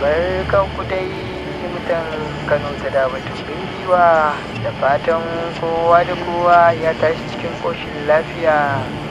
barkan ku dai mutan kano ta da batun bingiwa da fatan kowa da kowa ya tashi cikin koshin lafiya